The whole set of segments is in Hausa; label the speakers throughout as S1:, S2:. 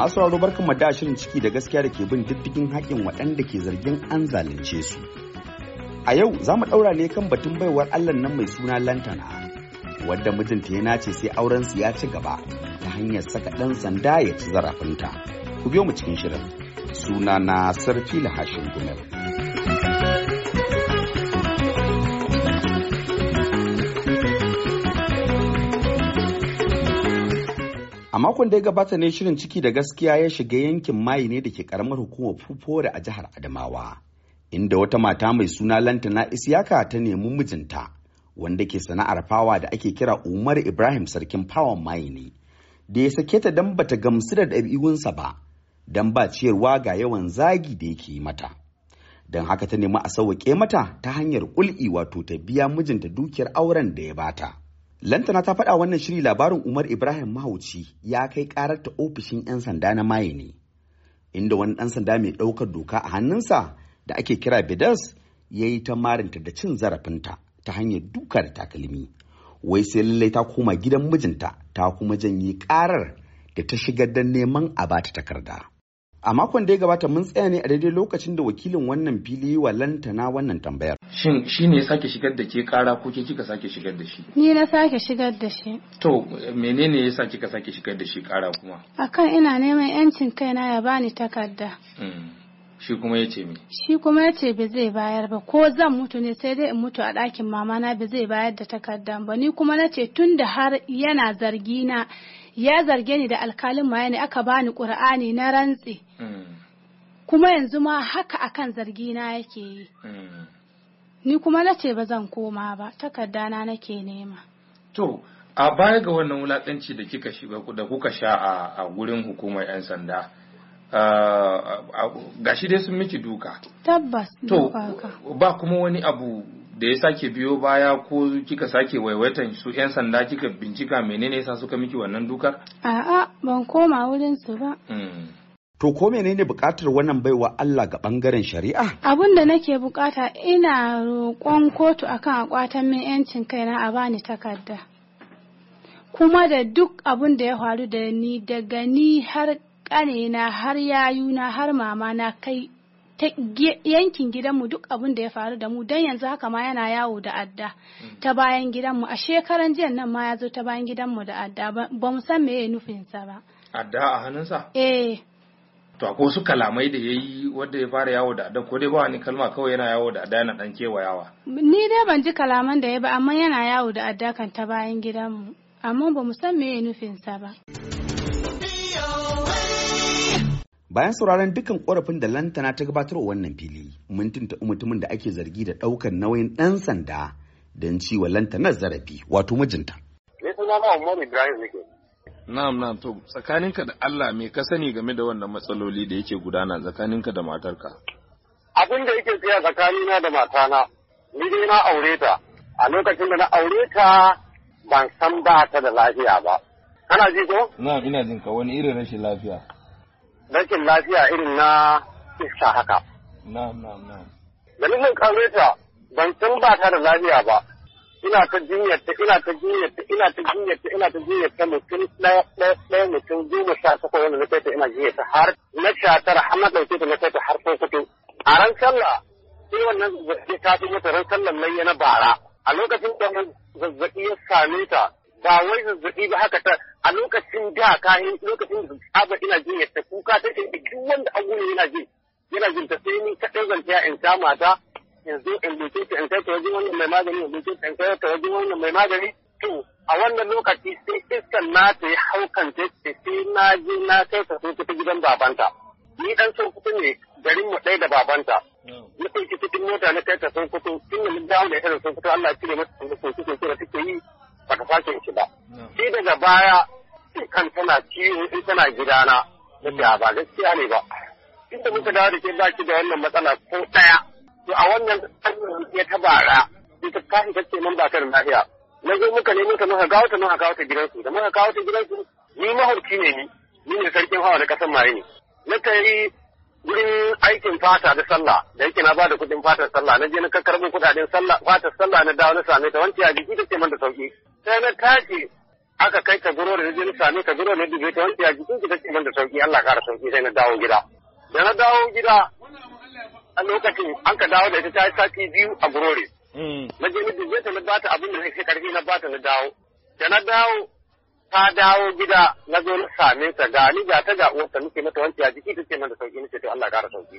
S1: masu sauraro barkan da shirin ciki da gaskiya da ke bin diddigin haƙƙin waɗanda ke zargin an zalunce su a yau za mu ɗaura ne kan batun baiwar allah nan mai suna lantana wadda mijinta ya nace sai auren su ya ci gaba ta hanyar saka ɗan sanda ya ci zarafinta ku biyo mu cikin shirin suna na sarfi lahashin gumel makon da ya gabata ne shirin ciki da gaskiya ya shiga yankin mayi ne da ke karamar hukumar fufore a jihar adamawa inda wata mata mai suna lantana isiyaka ta nemi mijinta wanda ke sana'ar fawa da ake kira umar ibrahim sarkin fawan mayi ne da ya sake ta don bata gamsu da ɗabi'unsa ba don ba ciyarwa ga yawan zagi da yake mata don haka ta nemi a sauwaƙe mata ta hanyar ƙul'i wato ta biya mijinta dukiyar auren da ya bata Lantana ta faɗa wannan shiri labarin Umar Ibrahim Mahauci ya kai karar ta ofishin 'yan sanda na maye ne, inda wani ɗan sanda mai ɗaukar doka a hannunsa da ake kira Bidas ya yi ta marinta da cin zarafinta ta hanyar duka da takalmi. Wai sai lallai ta koma gidan mijinta ta kuma janye ƙarar da ta shigar da neman a bata takarda. a makon da ya gabata mun tsaya ne a daidai lokacin da wakilin wannan fili wa lantana wannan tambayar shin shi ne sake shigar da ke kara ko ke kika sake shigar da shi
S2: ni na sake shigar da shi
S1: to menene ya sa kika sake shigar da shi kara kuma
S2: akan ina neman yancin kaina ya bani takarda
S1: hmm. shi kuma ya ce me shi
S2: kuma ya ce ba zai bayar ba ko zan mutu ne sai dai in mutu a ɗakin na ba zai bayar da takardan ba ni kuma na ce tun da har yana zargina ya zarge ni da alkalin maya ne aka bani qur'ani na rantse hmm. kuma yanzu ma haka akan zargi na yake yi hmm. ni kuma na ce ba zan koma ba takarda na nake nema
S1: to a baya ga wannan wulakanci da kika shiga da kuka sha a gurin hukumar yan sanda gashi dai sun miki duka
S2: tabbas to
S1: ba kuma wani abu da ya sake biyo baya ko kika sake waiwaitan su 'yan sanda kika bincika menene yasa suka miki wannan dukar?
S2: A'a ban koma wurin su ba.
S1: Hmm. To ko menene bukatar wannan baiwa Allah ga bangaren shari'a?
S2: Abun da nake bukata ina roƙon kotu akan akwatan min 'yancin kaina a bani takarda. Kuma da duk abun da ya faru da ni daga ni har ƙanena har yayuna har mamana kai ta yankin gidanmu duk abin da ya faru da mu don yanzu haka ma yana yawo da adda mm. ta bayan gidanmu a shekaran jiya nan ma ya zo ta bayan gidanmu da adda ba mu san me ya nufinsa ba
S1: adda a hannunsa eh to akwai wasu kalamai da ya yi wadda ya fara yawo da adda ko dai ba wani kalma kawai yana yawo da adda yana dan kewayawa
S2: ni dai ban ji kalaman da ya ba amma yana yawo da adda kan ta bayan gidanmu amma ba mu san me ya nufinsa ba
S1: bayan sauraron dukkan korafin da lantana ta gabatar wa wannan fili mun mutumin da ake zargi da ɗaukar nauyin ɗan sanda don ciwa lantanar zarafi wato mijinta.
S3: Ni suna ba Umar Ibrahim nake. Na'am na'am to tsakaninka
S1: da Allah me ka sani game da wannan matsaloli da yake gudana tsakaninka da matarka?
S3: Abin da yake tsaya tsakanina da matana ni dai na aure ta a lokacin da na aure ta ban san ba ta da lafiya ba. Kana ji ko? Na'am ina jin ka wani irin rashin lafiya. rashin lafiya irin na iska haka. Da nufin kawai ta ban san ba ta da lafiya ba. Ina ta jinyar ta, ina ta jinyar ta, ina ta jinyar ta, ina ta jinyar ta mutum ɗaya mutum goma sha takwas wanda na kai ta ina jinyar ta har na sha tara har na ɗauke ta na kai ta har sun fito. A ran sallah shi wannan zazzaɓi ta fi mata ran sallah nan na bara. A lokacin da zazzaɓi ya same ta ba wai zazzabi ba haka ta a lokacin da ka yi lokacin da tsaba ina jin yadda kuka ta ce duk wanda an wuni yana jin yana jin ta sai ni kaɗai zan tsaya in kama ta yanzu in buce ta in kai ta wajen wannan mai magani in buce ta in kai ta wajen wannan mai magani to a wannan lokaci sai iskan na ta yi haukan ta ce sai na je na kai ta sun ta gidan babanta ni dan sun kuɗi ne garin mu ɗaya da babanta na ɗauki cikin mota na kai ta sun kuɗi tun da mun dawo da ita da sun kuɗi Allah ya cire mata sun kuɗi sun kuɗi da take yi ba ta shi ba. Shi daga baya kan tana ciwo in tana gidana. na a ah, ba gaskiya ne ba. Duk da muka dawo da ke ba ki da wannan matsala ko ɗaya. To a wannan tsarin ya ta bara. Ita ta kake man ba ta da lafiya. Na zo muka nemi ta muka gawo ta muka kawo ta gidansu. Da muka kawo ta gidansu ni mahaukaci ne ni. Ni ne sarkin hawa na ƙasar Mare ne. Na yi gurin aikin fata da sallah da yake na kudin kuɗin fatar sallah na je na karɓo kuɗaɗen sallah fatar sallah na dawo na same ta wanke a jiki take man da sauki sai na tashi aka kai ka zuro da je na same ka guro na dube ta wanke a jiki take man da sauki Allah kara sauki sai na dawo gida da na dawo gida a lokacin an ka dawo da ita ta yi sati biyu a gurore. Hmm. Na je na dube ta na bata abin da nake karfi na bata na dawo. Da na dawo ta dawo gida na zo na same ta ga ni ga ta ga uwarta nake mata wanke a jiki take mana da sauki nake to Allah gara sauki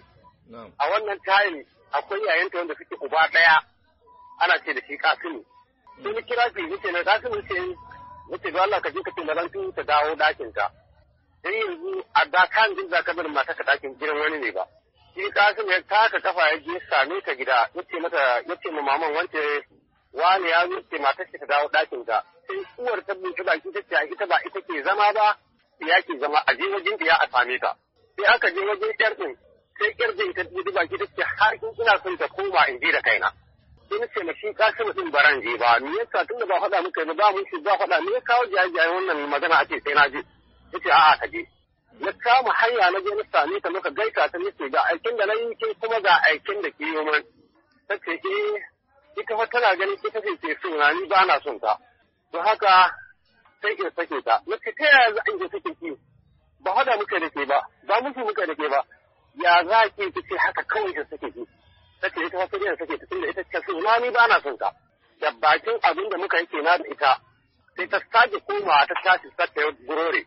S3: a wannan tayin akwai ta wanda suke uba ɗaya ana ce da shi kasimu hmm. sun yi kira shi yake na kasimu ce yake ga Allah ka je ka tunalantu ta dawo ɗakin ta sai yanzu a da kan jin zaka bar mata ka ɗakin gidan wani ne ba shi kasimu ya taka kafa ya je same ta gida yace mata ce ma maman wanke. wani ya zo ce matar ta dawo ɗakin ta sai uwar ta buɗe baki ta ce ita ba ita ke zama ba ya ke zama a je wajen ya a same ta sai aka je wajen ɗiyar din sai ɗiyar ɗin ta buɗe baki ta ce har in ina son ta koma in je da kaina sai ce mashi ka shi mutum baran je ba me yasa tun da ba faɗa muka ba ba mun shi ba faɗa me ya kawo jajaye wannan magana ake sai na je ce a'a ka je na kama hanya na je na same ta muka gaita ta nace ga aikin da na yi ke kuma ga aikin da ke yi min ta ce eh ita fa tana ganin ita ce ke so na ni ba na son ta don haka sai in sake ta na ce ta yaya za in je sake ki ba hada muka da ke ba ba muke muka da ke ba ya za ki ki ce haka kawai ta sake ki take ita fa sai sake ta tunda ita ce so na ni ba na son ta da bakin abin da muka yake na da ita sai ta sake koma ta tashi satta gurore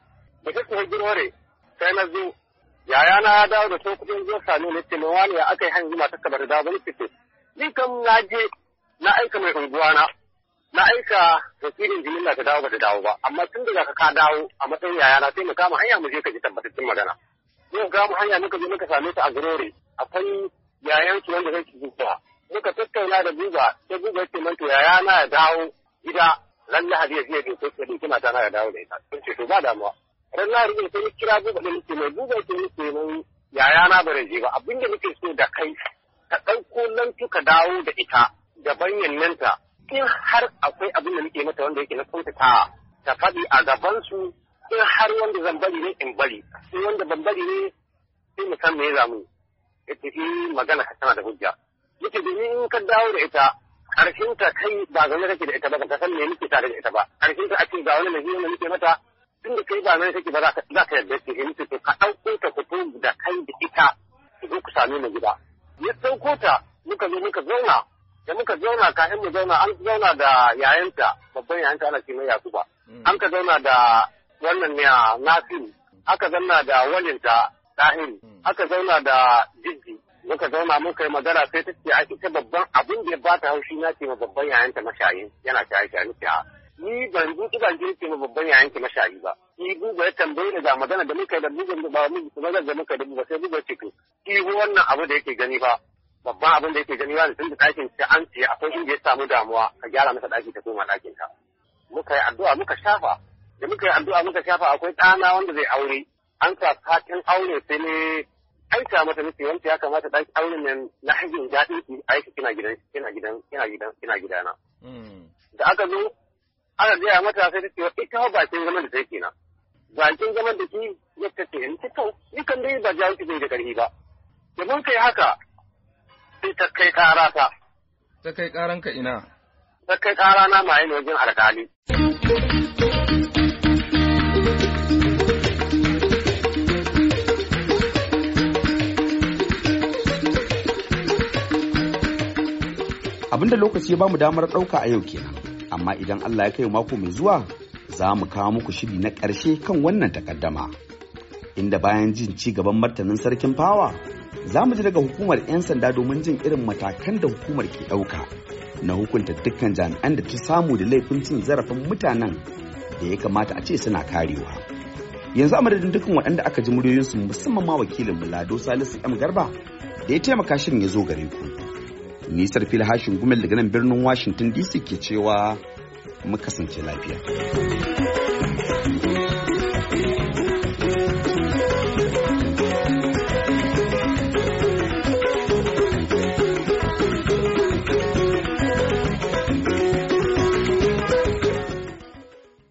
S3: ba ta kuma gurore sai na zo yaya na ya dawo da sun kudin zuwa sami ne ce wani ya aka yi hanyar ta kabar da zan ce ni kam na je na aika mai unguwa na Na aika wakilin jimilla ta dawo ba ta dawo ba amma tun daga ka ka dawo a matsayin na sai mu kama hanya mu je ka ji tabbatattun magana ga mu hanya muka je muka same ta a gurore akwai yayan su wanda zai zuwa muka tattauna da buga sai buga ya ce man to na ya dawo gida ran lahadi ya je da ko da kina na ya dawo da ita sun ce to ba damuwa ran lahadi ne sai kira buga da muke mai buga ce ce mai na bare je ba abinda muke so da kai ka ɗauko lantuka ka dawo da ita da bayyananta in har akwai abin da nake mata wanda yake na kuntata ta faɗi a gaban su. in har wanda zan bari ne in bari in wanda ban bari ne sai mu san me ya zamu yace shi eh, magana ka tana da hujja yace domin in ka dawo da ita karshen ta kai ba zama kake da ita ba ka san me nake tare da ita ba karshen ta ake ga wani mai wanda nake mata tunda kai ba zama kake ba za ka yarda ce nake to ka ɗauko ta fito da kai da ita ku ku sami mu gida ya ɗauko ta muka zo muka zauna da muka zauna ka mu zauna an zauna da yayanta babban yayanta ana ya ba mm. an ka zauna da wannan ne ah, Nasiru aka zauna da walinta Tahir mm. aka zauna da Jijji muka zauna muka yi magana sai ta ce ake ta babban abin da ya ba ta haushi na ce ma babban yayanta mashayi yana shayi shaye ni ah, ni ban ji ban ji ma babban yayanta mashayi ba ni buga ya tambaye ni magana da muka yi da bugun da ba mu ba da muka da buga sai buga ce ki wannan abu da yake gani ba babban abin da yake gani wani tun da ɗakin shi an ce akwai inda ya samu damuwa ka gyara masa ɗaki ta koma ɗakin ka muka yi addu'a muka shafa da muka yi addu'a muka shafa akwai ɗana wanda zai aure an sa katin aure sai ne aika mata nufi wanda ya kamata ɗaki aure ne na hajjin daɗin ki aiki kina gidan kina gidan kina gidan kina gidana. Hmm. Da aka zo ana gaya mata sai ta ce ita bakin zaman da take na Bakin zaman da ki yadda kace in cikin ni kan dai ba jawo zai da ƙarfi ba. Da mun kai haka sai ta kai ƙara ta. Ta kai ƙaranka ina? Ta kai ƙara na ma yin wajen alƙali.
S1: Abinda lokaci ya bamu damar ɗauka a yau kenan, amma idan Allah ya kai mako mai zuwa za mu kawo muku shiri na ƙarshe kan wannan takaddama. Inda bayan jin ci gaban martanin sarkin fawa Za mu ji daga hukumar 'yan sanda domin jin irin matakan da hukumar ke ɗauka na hukunta dukkan jami'an da ta samu da laifin cin zarafin mutanen da ya kamata a ce suna karewa. Yanzu a dukkan waɗanda aka ji muryoyinsu musamman ma wakilin Lado Salisu M Garba da ya taimaka shirin ya zo gare ku. Nisar fil hashin gumel daga nan birnin Washington DC ke cewa mu kasance lafiya.